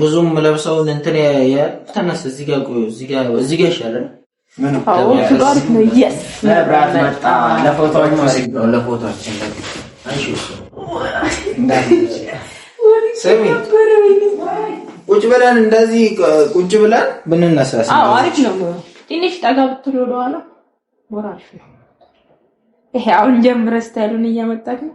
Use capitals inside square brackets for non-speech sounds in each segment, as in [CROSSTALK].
ብዙም ለብሰውን እንትን ተነስ፣ እዚህ ጋር ቆዩ፣ እዚህ ጋር እዚህ ጋር ይሻላል። ምን መብራት መጣ። [LAUGHS] ቁጭ ብለን እንደዚህ ቁጭ ብለን ብንነሳ አሪፍ ነው። ትንሽ ጠጋ ብትል ወደኋላ ይሄ አሁን ጀምረ ስታይሉን እያመጣት ነው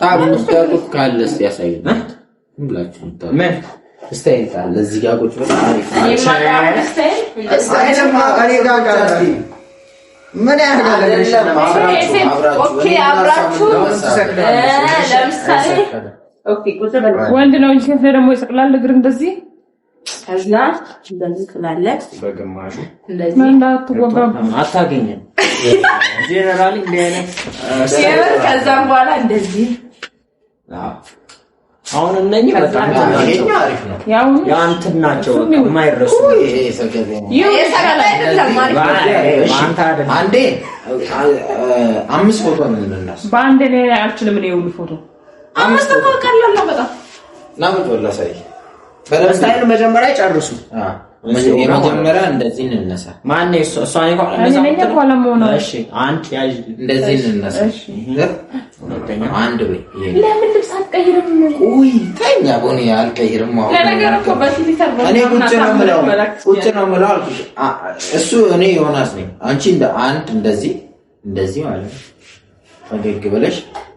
ጣም ካለ እስኪ ያሳዩን ብላችሁ ጋር ቁጭ ብለህ ምን ነው እንጂ ደግሞ ይሰቅላል እግር እንደዚህ ከዛ እንደዚህ በግማሹ እንደዚህ [LAUGHS] ከዛም በኋላ እንደዚህ አሁን እነኚህ በጣም አሪፍ ነው። የአንተን ናቸው የማይረሱ አምስት ፎቶ በአንድ አልችልም። እኔ ሁሉ ፎቶ አምስት ፎቶ ቀላል ነው በጣም ናምን ላሳይ በስታይል መጀመሪያ ጨርሱ የመጀመሪያ እንደዚህ እንነሳ። ማን እሷ አንድ ያዥ እንደዚህ እንነሳ። አንድ ወይ ለምን ልብስ አትቀይርም? ውይ ተኛ አልቀይርም። እኔ ቁጭ ነው የምለው ቁጭ ነው የምለው አልኩሽ። እሱ እኔ ዮናስ ነኝ። አንቺ እንደ አንድ እንደዚህ እንደዚህ ማለት ፈገግ ብለሽ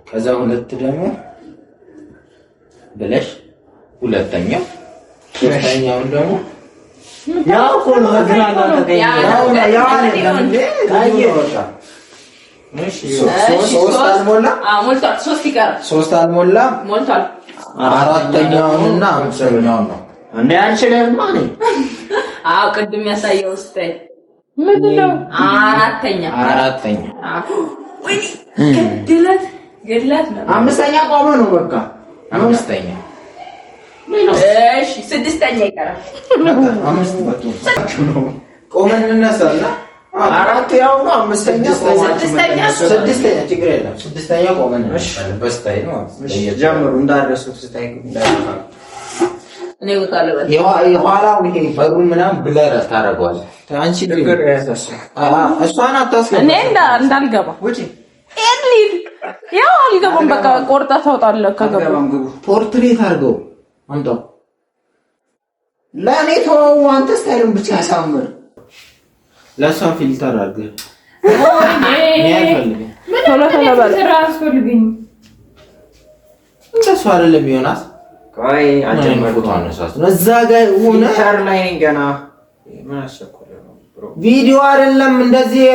ከዛ ሁለት ደግሞ ብለሽ ሁለተኛው ደግሞ ሶስት አልሞላ አራተኛውን እና አምስተኛውን ነው። እንደ አንቺ ደግማ አዎ ቅድም ያሳየው ውስጥ ምንድን ነው? አራተኛ አራተኛ ገድላት ገድላት ነው። አምስተኛ ቆመ ነው በቃ አምስተኛ ስድስተኛ ይቀራል። ቆመን እንነሳና አራቱ ያው ነው። አምስተኛ ስድስተኛ ስድስተኛ ችግር የለም። ስድስተኛ ቆመን ነው ይሄ በሩን ምናምን ብለህ ታደርገዋለህ። አንቺ እሷን አታስገባ፣ እኔ እንዳልገባ ያው አልገባም። በቃ ቆርጠህ ታውጣለህ። ከገባ ፖርትሬት አድርገው አንተ ለእኔ ተወው። አንተ ስታይሉን ብቻ ያሳምር። ለእሷ ፊልተር አድርገህ እንደሱ አይደለም ዮናስ። ቆይ እዛ ጋር ፊልተር ላይ ገና ቪዲዮ አይደለም እንደዚህ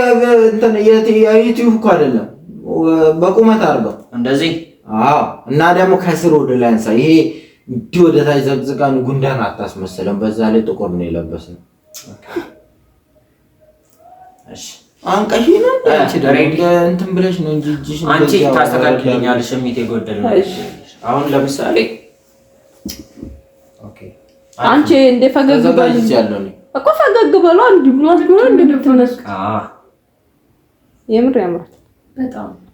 እንትን የዩቲዩብ እኮ አይደለም። በቁመት አድርገው እንደዚህ። አዎ። እና ደግሞ ከስር ወደ ላይ አንሳ ይሄ እንዲህ ወደ ታች ዘቅዝቃን ጉንዳን አታስመስለን። በዛ ላይ ጥቁር ነው የለበስን። አንቀሽ ነው እንትን ብለሽ ነው እንጂ አንቺ ታስተካክልኛለሽ። እሚቴ የጎደል ነው። አሁን ለምሳሌ አንቺ እንደ ፈገግ በል እኮ ፈገግ በሏ። እንዲህ ብሏት ቢሆን እንደ የምር ያምራል በጣም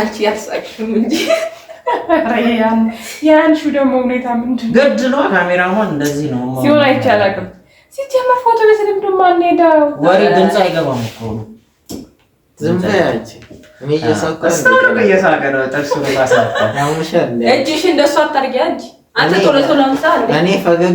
አንቺ ያሳቅሽም እንጂ ያንሹ ደግሞ ሁኔታ ምንድን ነው? ግድ ነው። ካሜራማን እንደዚህ ነው ሲሆን አይቻላቅም። ሲጀመር ፎቶ ቤት ልምድ ማንሄዳ ወሬ ድምፅ አይገባም እኮ ነው። ዝም በያች እየሳቀ ነው ጥርሱ እጅሽ እንደሱ አታርጊያ እንጂ አንተ ቶሎ ቶሎ ምሳ እኔ ፈገግ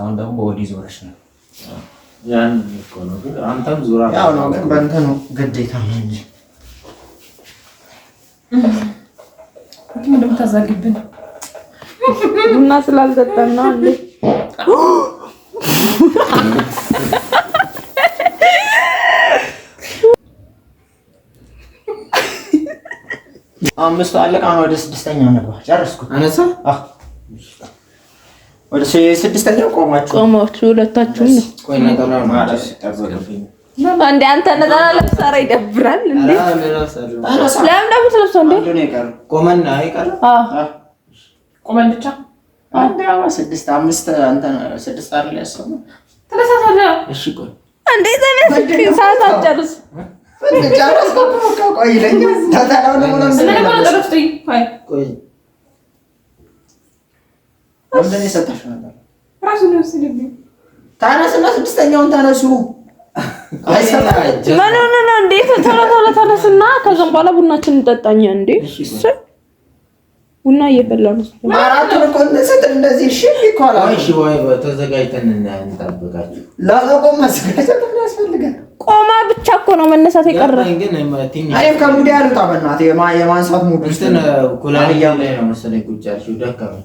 አሁን ደግሞ በወዲ ዞረሽ ነው። ያን እኮ ነው ግን አንተም ዙራ ያው ነው ግን ነው ግዴታ ነው እንጂ ምንም ታዛግብን ቡና ስላልጠጣን ነው እንዴ? አምስቱ አለቃ ወደ ስድስተኛው ነበር። ጨረስኩ አነሳ ወደ ስድስተኛው ቆማችሁ ቆማችሁ ሁለታችሁም ነው። ቆይ ነጠላ ማለት አንዴ አንተ ነጠላ ለብሰህ ኧረ ይደብራል እንዴ! ለምን ደግሞ ትለብሰው እንዴ? ቆመን አይቀርም። አዎ ቆመን ብቻ አንዴ አዎ፣ ስድስት አምስት አንተ ስድስት አይደል ያሰብነው? ተነሳሳለህ። እሺ ቆይ አንዴ ተነስክ፣ ሰዓት አትጨርስ። ቆይ ለኛ ታታላው ነው ነው ነው ነው ነው ወንደኔ ሰጣሽ ነበር ራሱ ነው ስለብኝ ታነስና ስድስተኛውን ታነሱ። ምን ሆነና እንዴ? ቶሎ ቶሎ ተነስና ከዛም በኋላ ቡናችን እንጠጣኛ። እንዴ ቡና እየፈላ ነው። አራቱን እኮ እንደዚህ እሺ ይኮላ። እሺ ወይ ተዘጋጅተን እንጠብቃችሁ። ለቆም ማዘጋጀት ያስፈልጋል። ቆማ ብቻ እኮ ነው መነሳት የቀረ። እኔም ከሙዲ ያሉት በእናትህ የማንሳት ሙድ ነው መሰለኝ ቁጭ ያልሽው ደከመኝ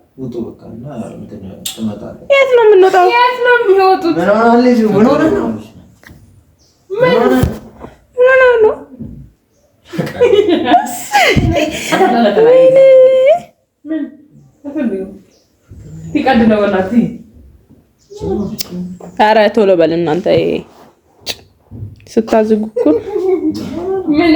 ውጡ በቃ እና ትመጣለህ። የት ነው የምንወጣው? የት ነው የሚወጡት? ምን ምን ሆነ ነው? ምን ሆነ ነው? ቶሎ በል እናንተ ስታዝጉ እኮ ምን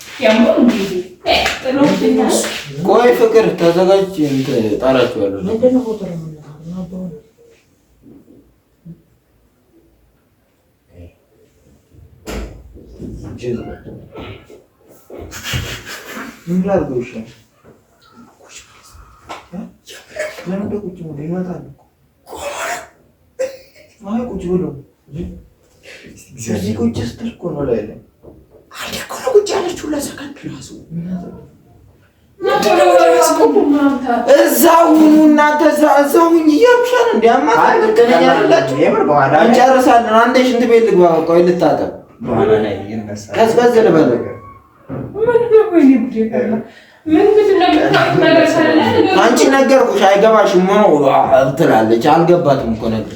ቆይ ፍቅር ተዘጋጅ፣ ጣላችኋለሁ። ቁጭ ብሎ እዚህ ቁጭ ስትል ያለችው ለሰከንድ ራሱ እዛውኑ እናንተ እዛውኝ እያሉሻል። እንዲያማ ገነኛ እንጨርሳለን። አንዴ ሽንት ቤት ልግባ፣ ቆይ ልታጠብ፣ ቀዝቀዝ ልበል። አንቺ ነገርኩሽ፣ አይገባሽም ሆኖ ትላለች። አልገባትም እኮ ነገር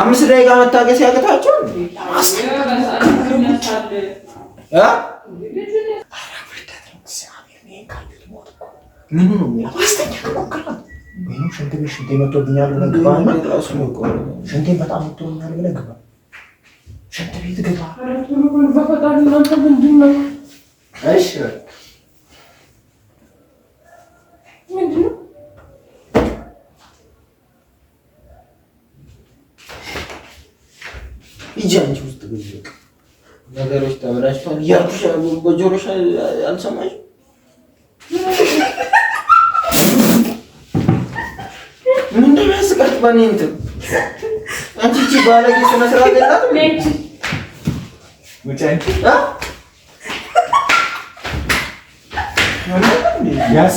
አምስት ደቂቃ መታገስ ያቅታቸው ምኑ ነው ሽንት ቤት ሽንቴ መቶብኛል ብለህ ግባ ሽንቴ በጣም መቶብኛል ብለህ ግባ። ሽንት ቤት ግባ። በፈጣሪ እናንተ ምንድን ነው? እሺ ምንድን ሂጂ አንቺ ውስጥ ግብቅ ነገሮች ተበላሽቷል እያልኩሽ በጆሮሽ አልሰማሽም? ምንድን ነው ስቀት በእኔ እንትን አንቺ እቺ ባለጌ ስነ ስርዓት የላትም። ያሲ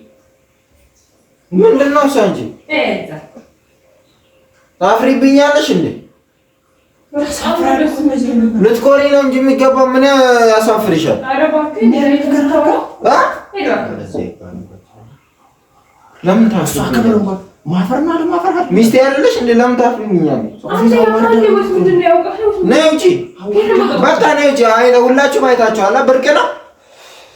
ምንድነው እሱ? አንቺ ታፍሪብኛለሽ እንዴ? ልትኮሪ ነው እንጂ የሚገባ ምን ያሳፍርሻል? ለምን ማፈርና ለማፈር ሚስቴ አይደለሽ እንዴ? ለምን ታፍሪብኛለሽ? በቃ ነው። ሁላችሁም አይታችኋል። ብርቅ ነው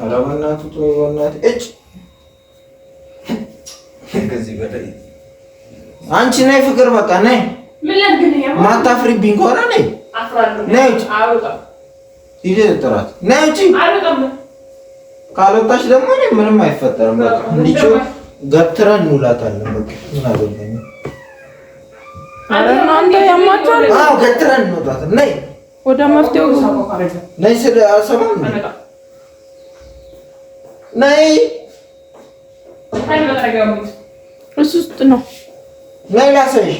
ኧረ በእናትህ ተወው፣ በእናትህ እጭ ከዚህ በላይ አንቺ ነይ ፍቅር፣ በቃ ነይ። ማታፍሪብኝ ከሆነ ነይ ጥራት ነይ ውጪ። ካልወጣች ደግሞ ምንም አይፈጠርም። በቃ እንዲህ ገትረን እንውላታለን። ገትረን ነይ ወደ መፍትሄው ነይ። ስለ አልሰማም ነይ እሱ ውስጥ ነው። ነይ ላሳይሽ።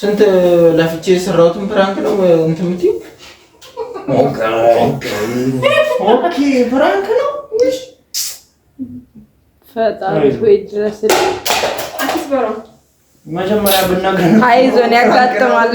ስንት ለፍቼ የሰራሁትን ፕራንክ ነው እንትን የምትይው ኦኬ ብራንክ ነው። ፈጣሪ ወይ ድረስልኝ። መጀመሪያ ብናገር አይዞን ያጋጥማል።